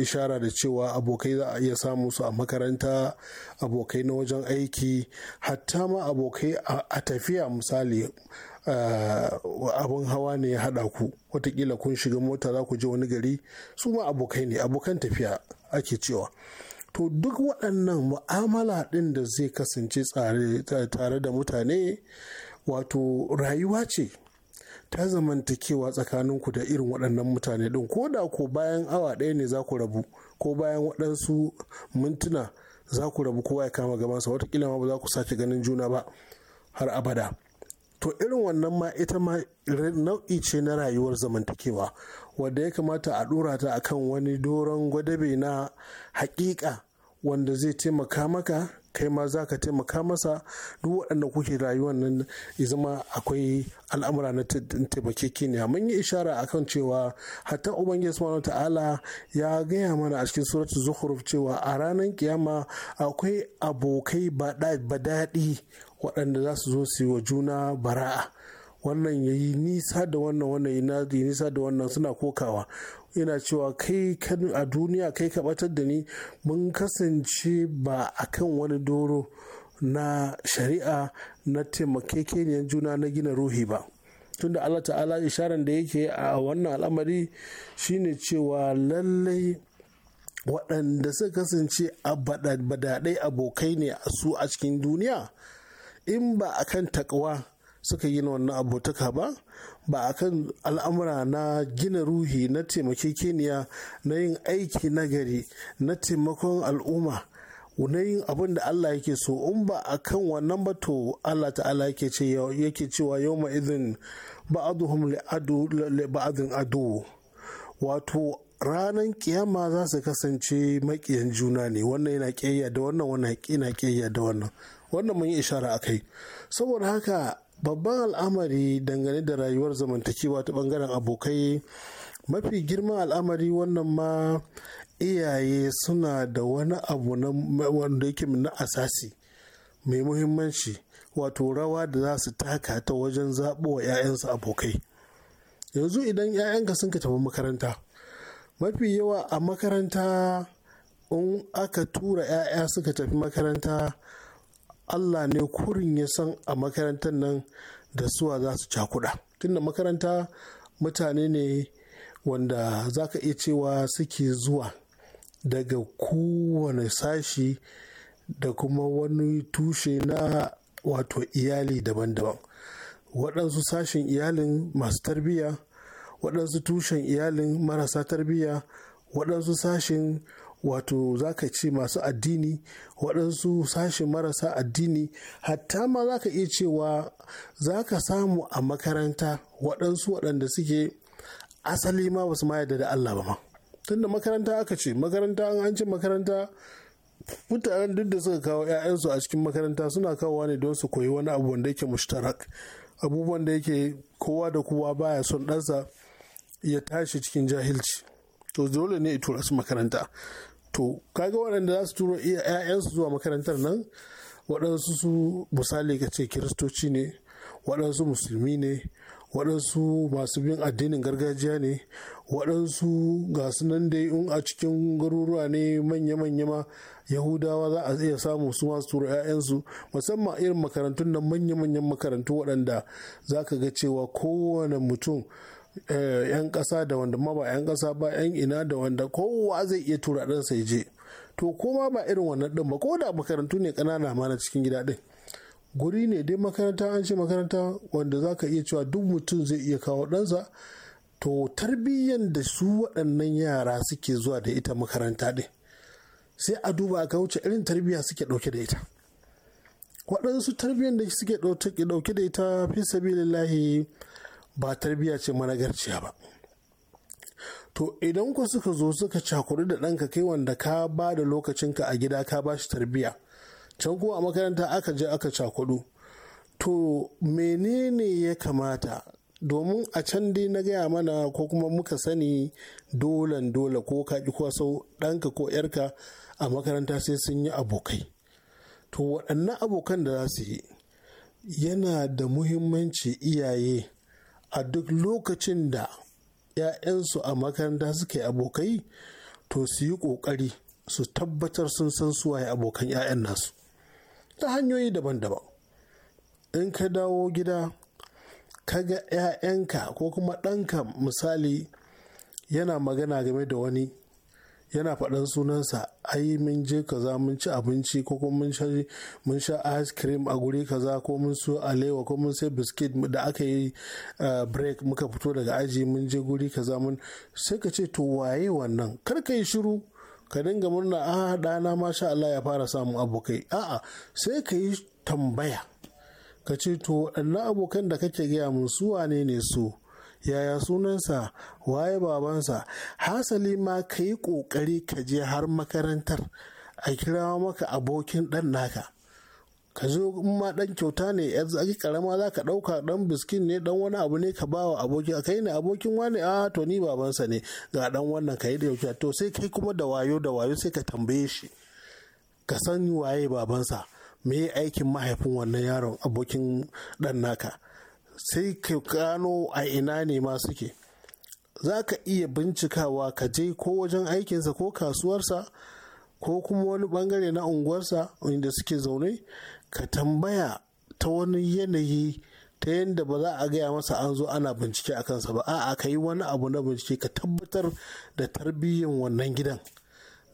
S9: ishara da cewa abokai za a iya samu su a makaranta abokai na wajen aiki hatta ma abokai a tafiya misali Eh, abun hawa ne ya haɗa ku watakila kun shiga mota za ku je wani gari su ma abokai ne abokan tafiya ake cewa to duk waɗannan mu'amala ɗin da zai kasance tare da mutane wato rayuwa ce ta zamantakewa ku da irin waɗannan mutane ɗin ko da ko bayan awa ɗaya ne za ku rabu ko bayan waɗansu mintuna za ku rabu kowa ya kama gabansa watakila ma ba za ku sake ganin juna ba har abada to irin wannan ma ita ma nau'i ce na rayuwar zamantakewa wanda ya kamata a dora ta akan wani doron gwadabe na hakika wanda zai taimaka maka kai ma za ka taimaka masa duk waɗanda kuke rayuwar nan ya zama akwai al'amura na taimake ne mun yi ishara a kan cewa hatta ubangiji subhanahu ta'ala ya gaya mana a cikin suratu zuhruf cewa a ranar kiyama akwai abokai ba daɗi waɗanda za su zo su yi wa juna bara'a wannan ya yi nisa da wannan wannan ya yi nisa da wannan suna kokawa yana cewa kai a duniya kai ka batar da ni mun kasance ba a kan wani doro na shari'a na taimakekeniyar juna na gina ruhi ba tunda Allah ta'ala isharar da yake a wannan al'amari shine cewa lallai waɗanda suka kasance a badaɗai abokai ne a su a cikin duniya in ba a kan takwa suka yi na wannan abotaka ba ba a kan al'amura na gina ruhi na taimakekeniya na yin aiki nagari na taimakon al'umma na yin abin da Allah yake so in ba a kan wannan ba to Allah ta'ala yake cewa yau ma izin ba'aduhum li'adun adu wato ranar kiyama za su kasance makiyan juna ne wannan yana ƙiyayya da wannan wannan yana ƙiyayya da wannan wannan mun yi ishara akai saboda haka babban al'amari dangane da rayuwar zamantakewa ta bangaren abokai mafi girman al'amari wannan ma iyaye suna da wani abu wanda yake na asasi mai muhimmanci wato rawa da za su taka ta wajen zaɓo wa 'ya'yansu abokai yanzu idan 'ya'yanka sun ka tafi makaranta mafi yawa a makaranta in aka tura 'ya'ya suka tafi makaranta Allah ne kurin ya san a makarantar nan da suwa za su cakuɗa tunda makaranta mutane ne wanda za ka iya cewa suke zuwa daga kowane sashi da kuma wani tushe na wato iyali daban-daban waɗansu sashen iyalin masu tarbiyya waɗansu tushen iyalin marasa tarbiyya waɗansu sashen wato za ka ce masu addini waɗansu sashen marasa addini hatta ma za ka iya cewa za ka samu a makaranta waɗansu waɗanda suke asali ma su ma yadda da Allah ba ma tunda makaranta aka ce makaranta an an ce makaranta mutanen duk da suka kawo 'ya'yansu a cikin makaranta suna kawowa ne don su koyi wani abu wanda yake mushtarak abubuwan da yake kowa da kowa baya son ɗansa ya tashi cikin jahilci to dole ne ya tura su makaranta to kaga waɗanda za su turo 'ya'yansu zuwa makarantar nan waɗansu su misali ka ce kiristoci ne waɗansu musulmi ne waɗansu masu bin addinin gargajiya ne waɗansu ga nan dai in a cikin garuruwa ne manya-manya ma yahudawa za a iya samu su masu tura 'ya'yansu musamman irin makarantun nan manya-manyan makarantu waɗanda za ka ga cewa kowane mutum Eh, 'yan ƙasa da wanda ma ba 'yan ƙasa ba 'yan ina da wanda kowa zai iya tura ɗansa ya je to kuma ba irin wannan ɗin ba ko da makarantu ne ƙanana ma na cikin gida ɗin guri ne dai makaranta an ce makaranta wanda za ka iya cewa duk mutum zai iya kawo ɗansa to tarbiyyan da su waɗannan yara suke zuwa da ita makaranta ɗin sai a duba a wuce irin tarbiyya suke ɗauke da ita waɗansu tarbiyyar da suke ɗauke da ita fi sabilillahi ba tarbiyya ce managarciya ba to idan ku suka zo suka cakuri da ɗanka kai wanda ka ba da lokacinka a gida ka ba shi tarbiyya can kuma a makaranta aka je aka cakudu to menene ya kamata domin a can dai na gaya mana ko kuma muka sani dolan dole ko kaƙi ko sau ɗanka ko ‘yarka a makaranta sai sun yi abokai to waɗannan abokan da za su yi yana da muhimmanci iyaye a duk lokacin da 'ya'yansu a makaranta suke abokai to su yi ƙoƙari su tabbatar sun san suwaye abokan 'ya'yan nasu ta hanyoyi daban-daban in ka dawo gida ka ga 'ya'yanka ko kuma ɗanka misali yana magana game da wani yana faɗan sunansa ai mun je kaza mun ci abinci ko kuma mun sha ice cream a guri kaza ko mun so alewa ko mun sai biskit da aka yi eh, break muka fito daga aji mun je guri kaza mun sai ka ce to waye wannan kar ka yi shiru ka dinga murna ah, a ma masha Allah ya fara samun abokai a'a sai ka yi tambaya ka ce to na abokan da kake gaya mun su wane ne su yaya sunansa waye babansa hasali ma ka yi ƙoƙari ka je har makarantar a kira maka abokin ɗan naka ka zo in ma dan kyauta ne yar zaki karama za ka dauka dan biskin ne dan wani abu ne ka ba wa abokin a kai ne abokin wani a to ni babansa ne ga dan wannan ka yi da kyauta to sai kai kuma da wayo da wayo sai ka tambaye shi ka san waye babansa me aikin mahaifin wannan yaron abokin ɗan naka sai ka gano a ina ne ma suke za ka iya bincikawa ka je ko wajen aikinsa ko kasuwarsa ko kuma wani bangare na unguwarsa inda suke zaune ka tambaya ta wani yanayi ta yadda ba za a gaya masa an zo ana bincike a kansa ba a'a ka yi wani abu na bincike ka tabbatar da tarbiyyan wannan gidan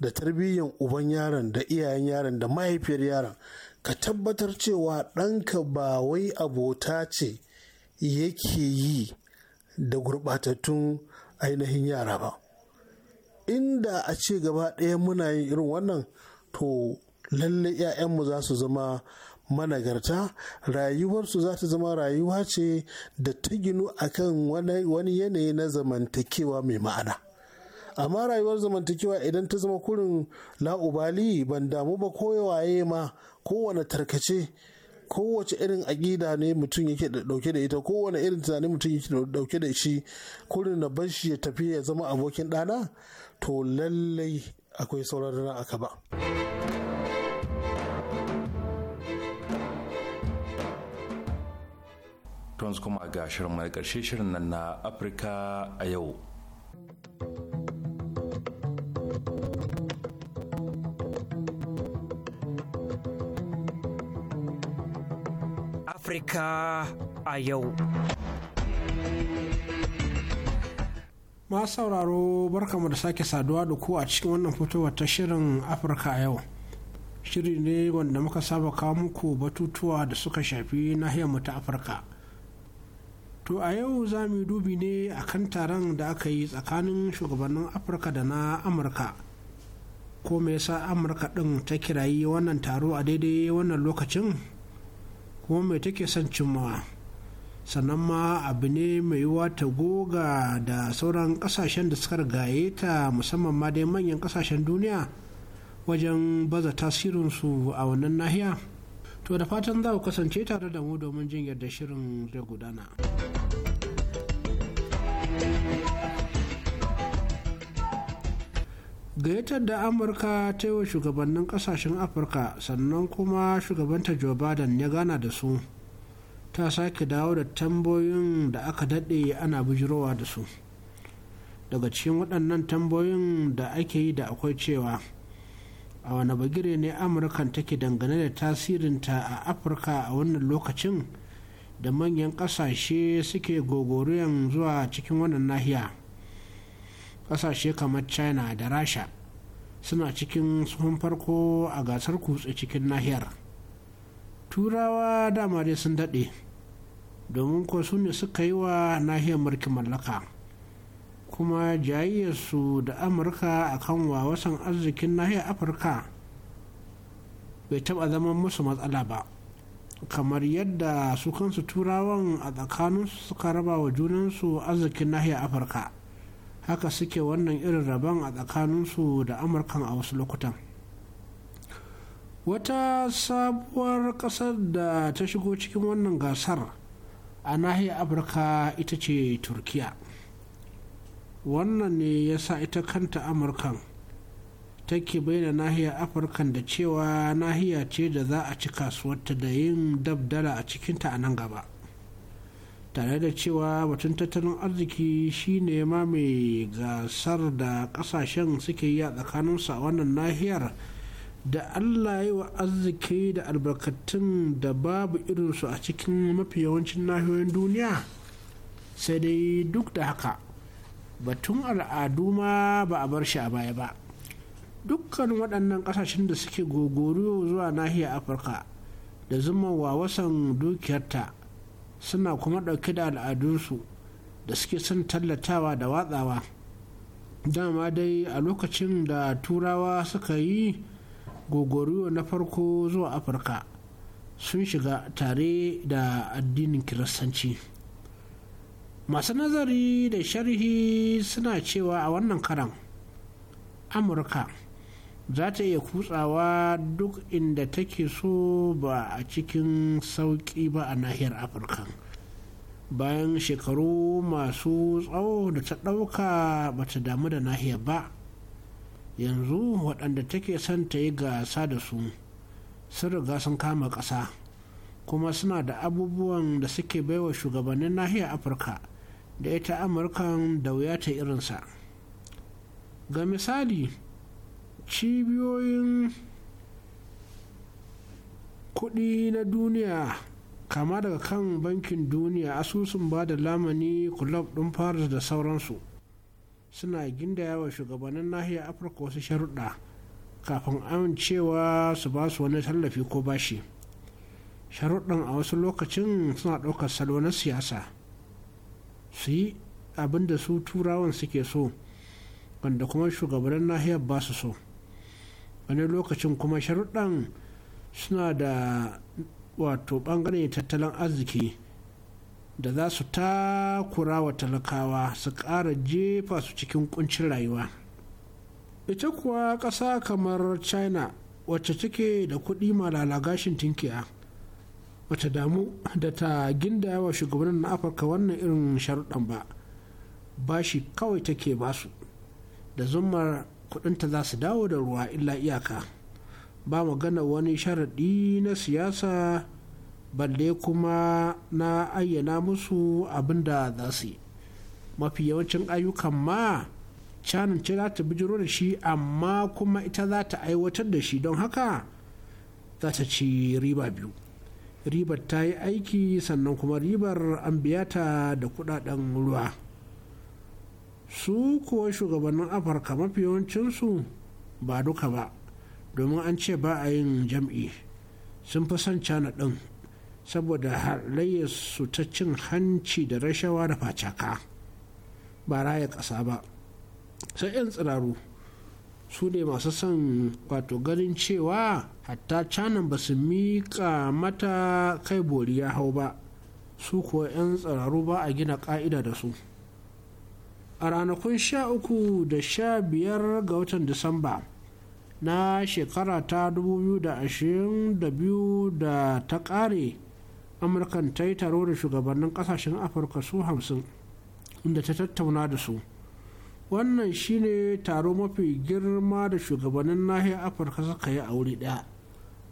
S9: da tarbiyyan uban yaron da iyayen yaron da mahaifiyar yaron ka tabbatar cewa ɗanka ba wai abota ce yake yi da gurɓatattun ainihin yara ba inda a ce gaba ɗaya muna yin irin wannan to lalle 'ya'yanmu za su zama managarta rayuwarsu za ta zama rayuwa ce da ta ginu akan wani yanayi na zamantakewa mai ma'ana amma rayuwar zamantakewa idan ta zama kurin la'ubali ban damu ba koyawaye ma kowane tarkace kowace irin aƙida ne mutum yake dauke da ita kowane irin tunani mutum yake dauke da shi kurin da ban shi ya tafi ya zama abokin ɗana to lallai akwai sauran na aka ba.
S1: tons kuma ga shirin mai karshe shirin nan na afirka a yau
S5: Afirka a yau.
S2: Masu sauraro barkamu da sake saduwa da ku a cikin wannan fitowar ta shirin Afirka a yau. Shiri ne wanda muka saba kawo muku batutuwa da suka shafi nahiyar mu ta Afirka. To a yau za mu dubi ne a kan taron da aka yi tsakanin shugabannin Afirka da na Amurka. Ko me yasa Amurka ɗin ta kirayi wannan taro a daidai wannan lokacin? kuma mai take son cimmawa sannan ma abu ne mai yiwuwa ta goga da sauran kasashen da suka gaye ta musamman ma dai manyan kasashen duniya wajen baza tasirinsu a wannan nahiya to da fatan za ku kasance tare da mu domin jin yadda shirin zai gudana. gayyatar da amurka ta yi wa shugabannin kasashen afirka sannan kuma shugabanta joe biden ya gana da su ta sake dawo da tambayoyin da aka daɗe ana bujirowa da su daga cikin waɗannan tambayoyin da ake yi da akwai cewa a wani bagire ne amurkan take dangane da tasirinta a afirka a wannan lokacin da manyan ƙasashe suke gogoriyan zuwa cikin wannan nahiya. kasashe kamar china da rasha suna cikin tsohon farko a gasar kutse cikin nahiyar turawa dama dai sun daɗe domin ko su ne suka yi wa nahiyar mulkin mallaka kuma jayayyarsu da amurka a kan wasan arzikin nahiyar afirka bai taɓa zama musu matsala ba kamar yadda su kansu turawan a tsakaninsu suka raba wa junansu arzikin nahiyar afirka haka suke wannan irin rabon a tsakaninsu da amurkan a wasu lokutan wata sabuwar kasar da ta shigo cikin wannan gasar a nahiyar afirka ita ce turkiya wannan ne ya sa ita kanta amurkan take bayyana nahiyar afirkan da cewa nahiya ce da za a ci kasuwarta da yin dabdala a cikinta a nan gaba tare da cewa batun tattalin arziki shine ma mai gasar da kasashen suke yi a tsakaninsu a wannan nahiyar da allah yi wa arziki da albarkatun da babu irinsu a cikin mafi yawancin nahiyoyin duniya sai dai duk da haka batun al'adu ma ba a bar shi a baya ba dukkan waɗannan ƙasashen da suke gogoro zuwa nahiyar afirka da zuma wa wasan dukiyarta suna kuma ɗauke da al'adunsu da suke son tallatawa da watsawa dama dai a lokacin da turawa suka yi gogoriyo na farko zuwa afirka sun shiga tare da addinin kiristanci masu nazari da sharhi suna cewa a wannan karan amurka za ta iya kutsawa duk inda take so ba a cikin sauƙi ba a nahiyar afirka bayan shekaru masu tsawo da ta ɗauka ba ta damu da nahiyar ba yanzu waɗanda take son ta yi gasa da su sun riga sun kama ƙasa kuma suna da abubuwan da suke baiwa shugabannin nahiyar afirka da ita amurkan da wuya ta irinsa ga misali cibiyoyin kuɗi na duniya kama daga kan bankin duniya asusun ba da lamani kulob ɗin paris da sauransu suna gindaya wa shugabannin nahiyar afirka wasu sharuɗa kafin amincewa su ba su wani tallafi ko bashi sharuɗan a wasu lokacin suna ɗaukar salo na siyasa su yi abin su turawan suke so wanda kuma shugabannin nahiyar ba su so wani lokacin kuma sharuɗan suna da wato ɓangaren tattalin arziki da za su takura wa talakawa su ƙara jefa su cikin ƙuncin rayuwa ita kuwa ƙasa kamar china wacce take da kuɗi malala gashin tinkiya wata damu da ta ginda wa shugabannin na afirka wannan irin sharuɗan ba ba shi kawai take basu da zumar kudinta za su dawo da ruwa illa iyaka ba magana wani sharaɗi na siyasa balle kuma na ayyana musu abin da za su yi mafi yawancin ayyukan ma canin ce za ta bijiro da shi amma kuma ita za ta aiwatar da shi don haka za ta ci riba biyu ribar ta yi aiki sannan kuma ribar an biya ta da kudaden ruwa su kuwa shugabannin afirka mafi yawancinsu ba duka ba domin an ce ba a yin jam'i sun fi son cana ɗin saboda halayyarsu ta cin hanci da rashawa da facaka ba raya ƙasa ba sai 'yan tsiraru su ne masu son wato ganin cewa hatta canan ba su miƙa mata kai bori ya hau ba su kuwa 'yan tsiraru ba a gina ƙa'ida da su a ranakun sha uku da sha biyar ga watan disamba na shekara ta 2022 da ta kare amurkan ta yi taro da shugabannin kasashen afirka su hamsin inda ta tattauna da su wannan shine taro mafi girma da shugabannin nahiyar afirka suka yi a wuri daya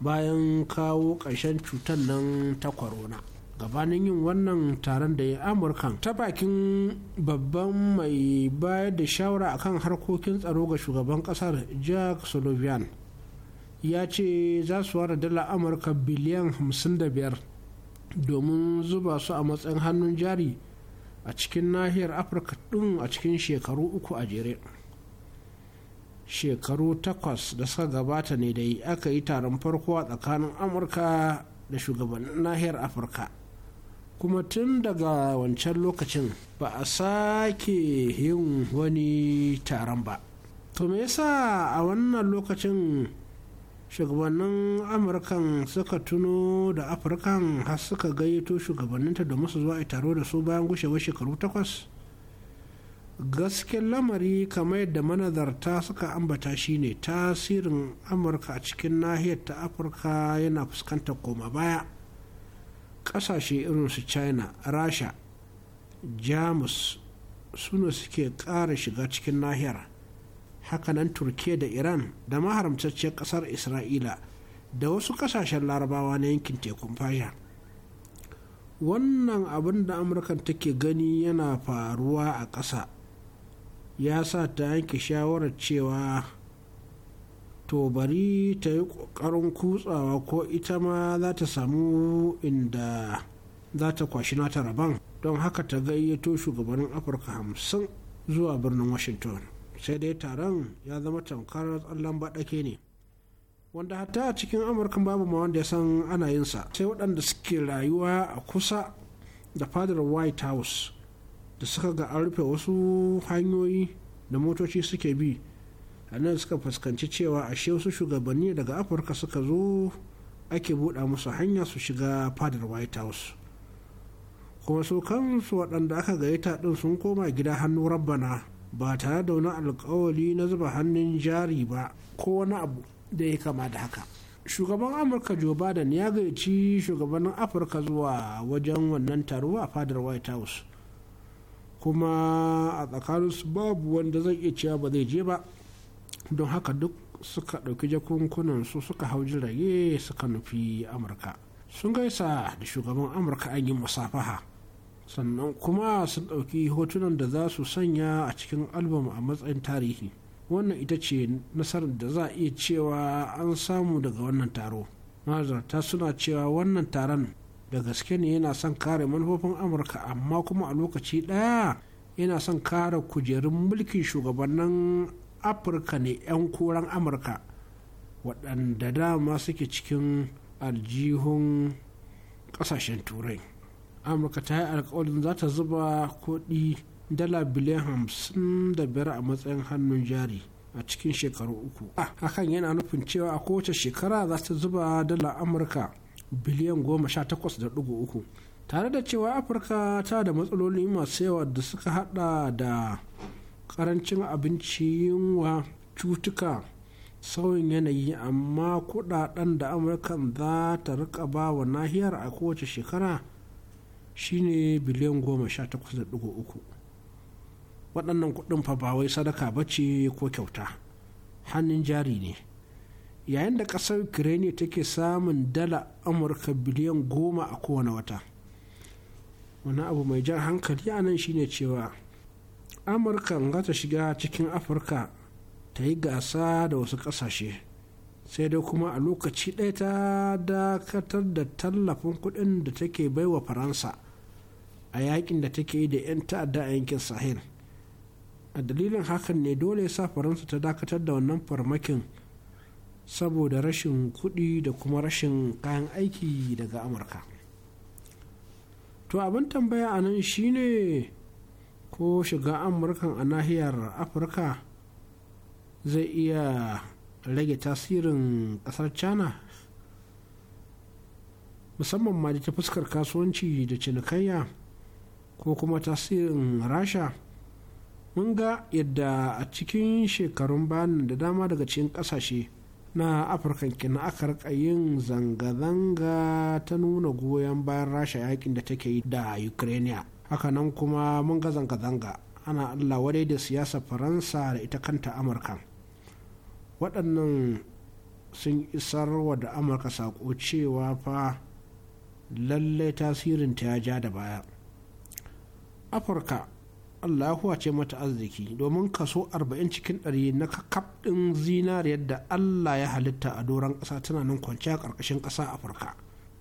S2: bayan kawo ƙarshen cutar nan ta corona. gabanin yin wannan taron da ya amurka ta bakin babban mai bayar da shawara a kan harkokin tsaro ga shugaban kasar jack sullivan ya ce za su ware dala amurka biliyan 55 domin zuba su a matsayin hannun jari a cikin nahiyar afirka ɗin a cikin shekaru uku a jere shekaru takwas da suka gabata ne da aka yi taron farko a tsakanin amurka da shugabannin nahiyar afirka kuma tun daga wancan lokacin ba a sake yin wani taron ba to me yasa a wannan lokacin shugabannin amurkan suka tuno da afirkan har suka gayyato shugabanninta da musu zuwa taro da su bayan gushewar shekaru takwas gasken lamari kamar yadda manazarta suka ambata shine tasirin amurka a cikin nahiyar ta afirka yana fuskantar koma baya kasashe irin su china rasha jamus su ne suke kara shiga cikin nahiyar hakanan turkiya da iran da maharamtacciyar ƙasar isra'ila da wasu kasashen larabawa na yankin tekun fasha wannan abin da amurkan take gani yana faruwa a ƙasa ya sa ta yanke shawarar cewa to bari ta yi ƙoƙarin kutsawa ko ita ma za ta samu inda za ta kwashi nata rabon don haka ta gayyato shugabannin afirka hamsin zuwa birnin washington sai dai taron ya zama tamkar tsallon baɗake ne wanda hatta a cikin amurka babu ma wanda ya san ana yinsa sai waɗanda suke rayuwa a kusa da fadar white house da suka ga an rufe wasu hanyoyi da motoci suke bi a nan suka fuskanci cewa ashe wasu shugabanni daga afirka suka zo ake buɗa musu hanya su shiga fadar white house kuma su kansu waɗanda aka gayyata ɗin sun koma gida hannu rabbana ba tare da wani alkawali na zuba hannun jari ba ko wani abu da ya kama da haka shugaban amurka joe biden ya gayyaci shugabannin afirka zuwa wajen wannan taro a fadar white house kuma a tsakaninsu babu wanda zai iya cewa ba zai je ba don haka duk suka ɗauki jakunkunan su suka hau jirage suka nufi amurka sun gaisa da shugaban amurka an yi musafaha sannan kuma sun ɗauki hotunan da za su sanya a cikin albam a matsayin tarihi wannan ita ce nasarar da za a iya cewa an samu daga wannan taro nazarta suna cewa wannan taron da gaske ne yana son kare manufofin amurka amma kuma a lokaci ɗaya yana son kare kujerun mulkin shugabannin afirka ne 'yan koren amurka waɗanda dama suke cikin aljihun ƙasashen turai amurka ta yi alkawarin za ta zuba kuɗi dala biliyan hamsin da biyar a matsayin hannun jari a cikin shekaru uku ah, hakan yana nufin cewa a kowace shekara za ta zuba dala amurka biliyan goma sha takwas da ɗigo uku tare da cewa afirka ta da matsaloli masu yawa da suka hada da karancin abinci yunwa cutuka sauyin yanayi amma kudaden da amurkan za ta rika ba wa nahiyar a kowace shekara shine biliyan goma sha takwas da dugu uku waɗannan kuɗin fa ba wai sadaka ba ce ko kyauta hannun jari ne yayin da ƙasar ukraine take samun dala amurka biliyan goma a kowane wata wani abu mai jan hankali a nan shine cewa amurka za ta shiga cikin afirka ta yi gasa da wasu ƙasashe sai dai kuma a lokaci ɗaya ta dakatar da tallafin kuɗin da take baiwa faransa a yakin da take yi da 'yan ta'adda a yankin sahel a dalilin hakan ne dole sa faransa ta dakatar da wannan farmakin saboda rashin kuɗi da kuma rashin kayan aiki daga amurka to abin tambaya a nan shine ko shiga amurkan a nahiyar afirka zai iya rage tasirin kasar china musamman ma da ta fuskar kasuwanci da cinikayya ko kuma tasirin rasha mun ga yadda a cikin shekarun bayan da dama daga cikin kasashe na afirka kina aka rika yin zanga-zanga ta nuna goyon bayan rasha yakin da take yi da ukraine hakanan kuma mun ga zanga-zanga ana allah wadai da siyasa faransa da ita kanta amurka waɗannan sun isar wa da amurka saƙo cewa fa lallai tasirin ta ya ja da baya afirka allah ya ce mata arziki domin kaso 40 cikin 100 na kakab ɗin zinariyar da allah ya halitta a doron ƙasa tana nan kwanci a ƙarƙashin ƙasa afirka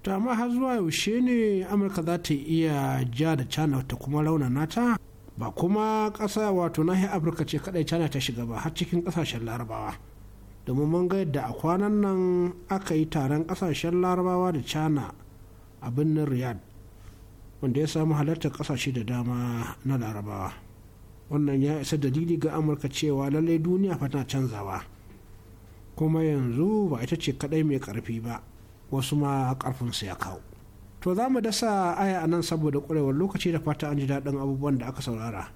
S2: to amma har zuwa yaushe ne amurka za ta iya ja da china ta kuma rauna nata ba kuma ƙasa wato nahiyar afirka ce kadai china ta shiga ba har cikin ƙasashen larabawa domin mun ga yadda a kwanan nan aka yi taron kasashen larabawa da china a birnin riyad wanda ya samu halartar ƙasashe da dama na larabawa wannan ya isa dalili ga amurka cewa lallai duniya fa tana canzawa kuma yanzu ba ita ce kadai mai karfi ba wasu ma su ya kawo to za mu dasa aya a nan saboda kwarewar lokaci da fata an ji daɗin abubuwan da aka saurara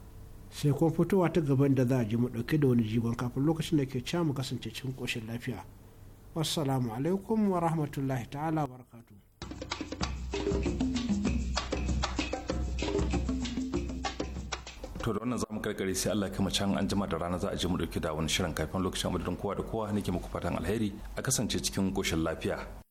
S2: sai kuma fitowa ta gaban da za a ji mu ɗauke da wani jigon kafin lokacin da ke ca mu kasance cikin koshin lafiya wassalamu alaikum wa rahmatullahi ta'ala barakatu
S1: to da wannan zamu karkare sai Allah mu can an jima da rana za a je mu dauke da wani shirin kafin lokacin abudin kowa da kowa nake muku fatan alheri a kasance cikin koshin lafiya